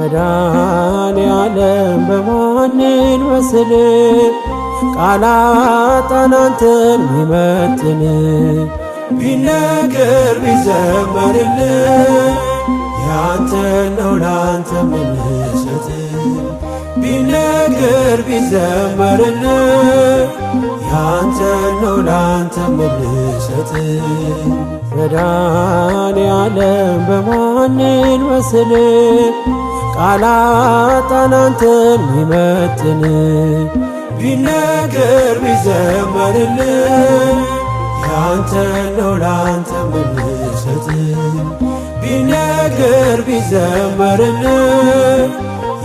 መዳን ያለም በማንን መስል ቃላት አናንተን ሚመጥን ቢነገር ቢዘመርል ያንተን ነው ላንተ ምንሰት ቢነገር ቢዘመርል ያንተን ነው ላንተ ምንሰት መዳን ያለም በማንን መስል ቃላት አናንተን ይመጥን ቢነገር ቢዘመርልን ያንተን ነው ላንተ ምንሰጥ ቢነገር ቢዘመርልን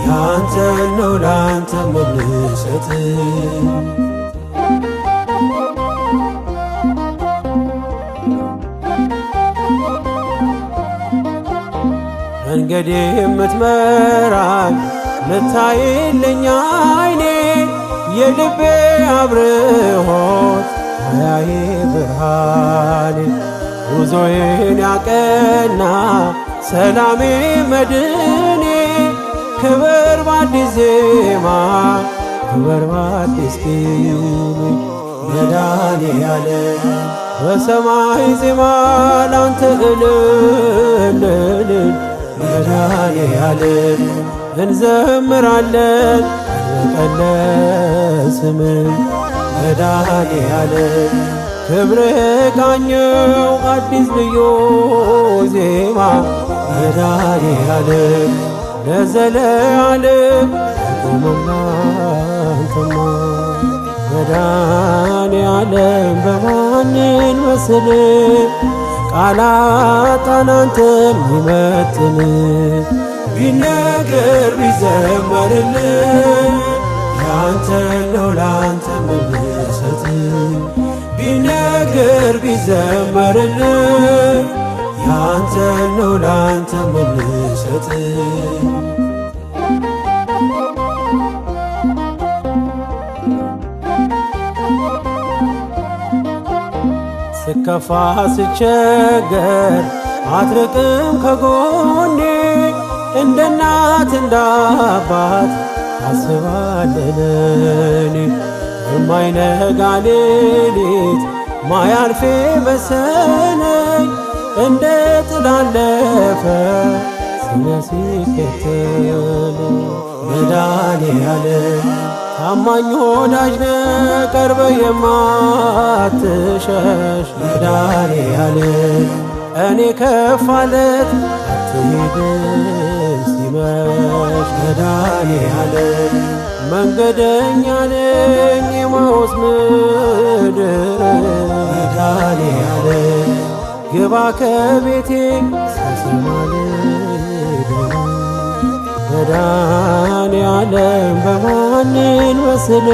ያንተን ነው ላንተ ምንሰጥ መንገድ የምትመራኝ ልታይልኛ አይኔ የልቤ አብርሆት አያዬ ብርሃኔ ጉዞዬን ያቀና ሰላሜ መድኔ ክብር በአዲስ ዜማ ክብር በአዲስ መዳኔ ያለ በሰማይ ዜማ ላንተ እልልልል መድኃኔዓለም እንዘምራለን ቀን በቀን ስምን መድኃኔዓለም ክብር ቃኘው አዲስ ልዩ ዜማ መድኃኔዓለም ለዘለዓለም ቆመማንተማ መድኃኔዓለም በማንን መስል ቃላጣን አንተን ይመጥን ቢነገር ቢዘመርል ያንተን ነው ላንተ ምንሰት ቢነገር ቢዘመርል ያንተን ነው ላንተ ምንሰት ስከፋ ስቸገር አትርቅም ከጎኔ እንደ እናት እንዳባት አስባለለኔ የማይነጋ ሌሊት ማያልፌ በሰነኝ እንደ ጥላለፈ ስሜ ሲከተል መድኃኔዓለም ታማኝ ወዳጅ ቀርበ የማትሸሽ መዳኔ ያለ እኔ ከፋለት አትሄድም ሲመሽ መዳኔ ያለ መንገደኛ ነኝ የማውስ ምድር መዳኔ ያለ ግባ ከቤቴ ሳሰማልን ያለም በማንን መስል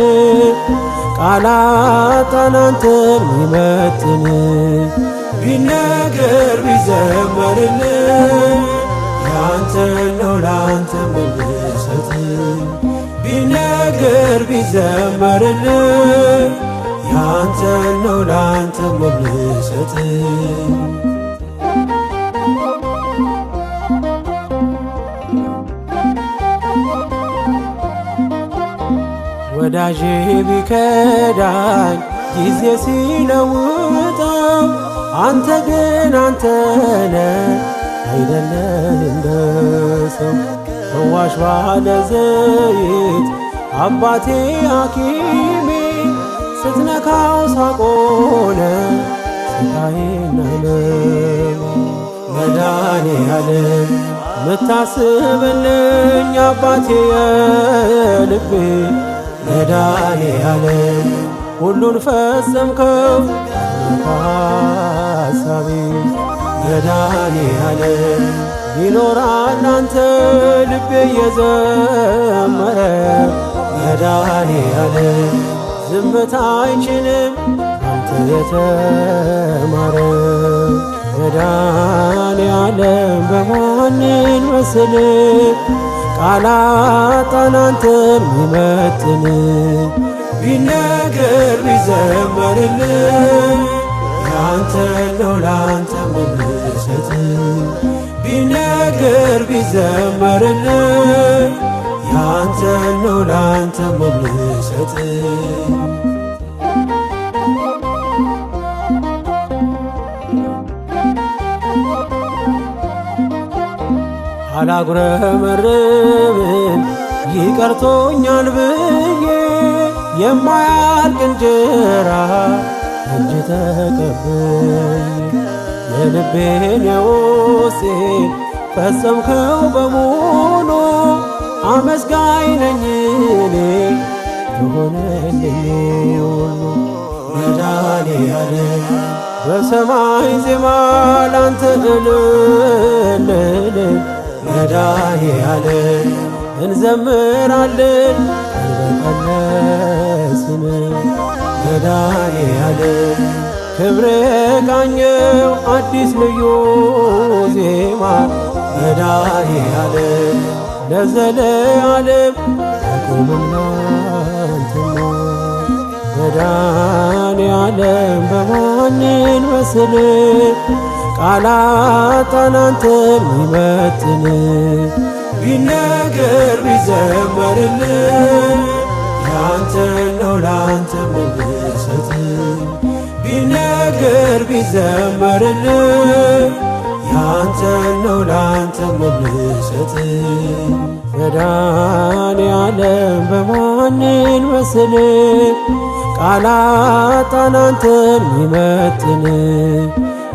ቃላት አናንተ ሚመትን ቢነገር ቢዘመርን ያንተ ነው ላንተ ምልሰት ቢነገር ቢዘመርን ያንተ ነው ላንተ ምልሰት ወዳጅ ቢከዳኝ ጊዜ ሲለውጠው አንተ ግን አንተነ አይደለን ሰው ፈዋሽ ባለ ዘይት አባቴ አኪሜ ስትነካው ሳቆነ ስታይናለ መዳኔ ያለ ምታስብልኝ አባቴ የልቤ መዳኔ ያለ ሁሉን ፈጸምከው ሳቢ መዳኔ ያለ ይኖራል አንተ ልቤ እየዘመረ መዳኔ ያለ ዝምታ አይችልም አንተ የተማረ መዳኔ ያለ በማንን መስል አላጣን አንተን ሚመጥን ቢነገር ቢዘመርልን ከአንተ ለው ለአንተ ምልሰት ቢነገር ቢዘመርልን አላጉረመርምም ይቀርቶኛል ብዬ የማያልቅ እንጀራ እጅ ተቀበይ የልቤን የውስጤን ፈጸምከው በሙሉ አመስጋኝ ነኝ እኔ የሆነልኝ ሁሉ መድኃኔዓለም በሰማይ ዜማ ላንተ እልል መድኃኔዓለም እንዘምራለን እንበቀለ ስም ያለ ክብር ቃኘው አዲስ ልዩ ዜማ መድኃኔዓለም ለዘለዓለም አቁምና መዳን መድኃኔዓለም በማንን መስል ቃላታን አንተን ሚመጥን ቢነገር ቢዘመርልን ያንተ ነው ላንተ መደሰት ቢነገር ቢዘመርልን ያንተ ነው ላንተ መደሰት መድኃኔዓለም በማንን መስል ቃላታን አንተን ሚመጥን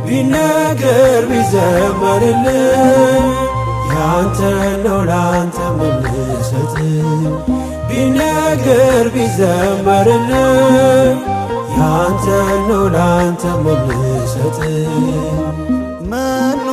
ቢነገር ቢዘመርል ያንተ ነው ላንተ ምንሰጥ ቢነገር ቢዘመርል ያንተ ነው ላንተ ምንሰጥ መኖ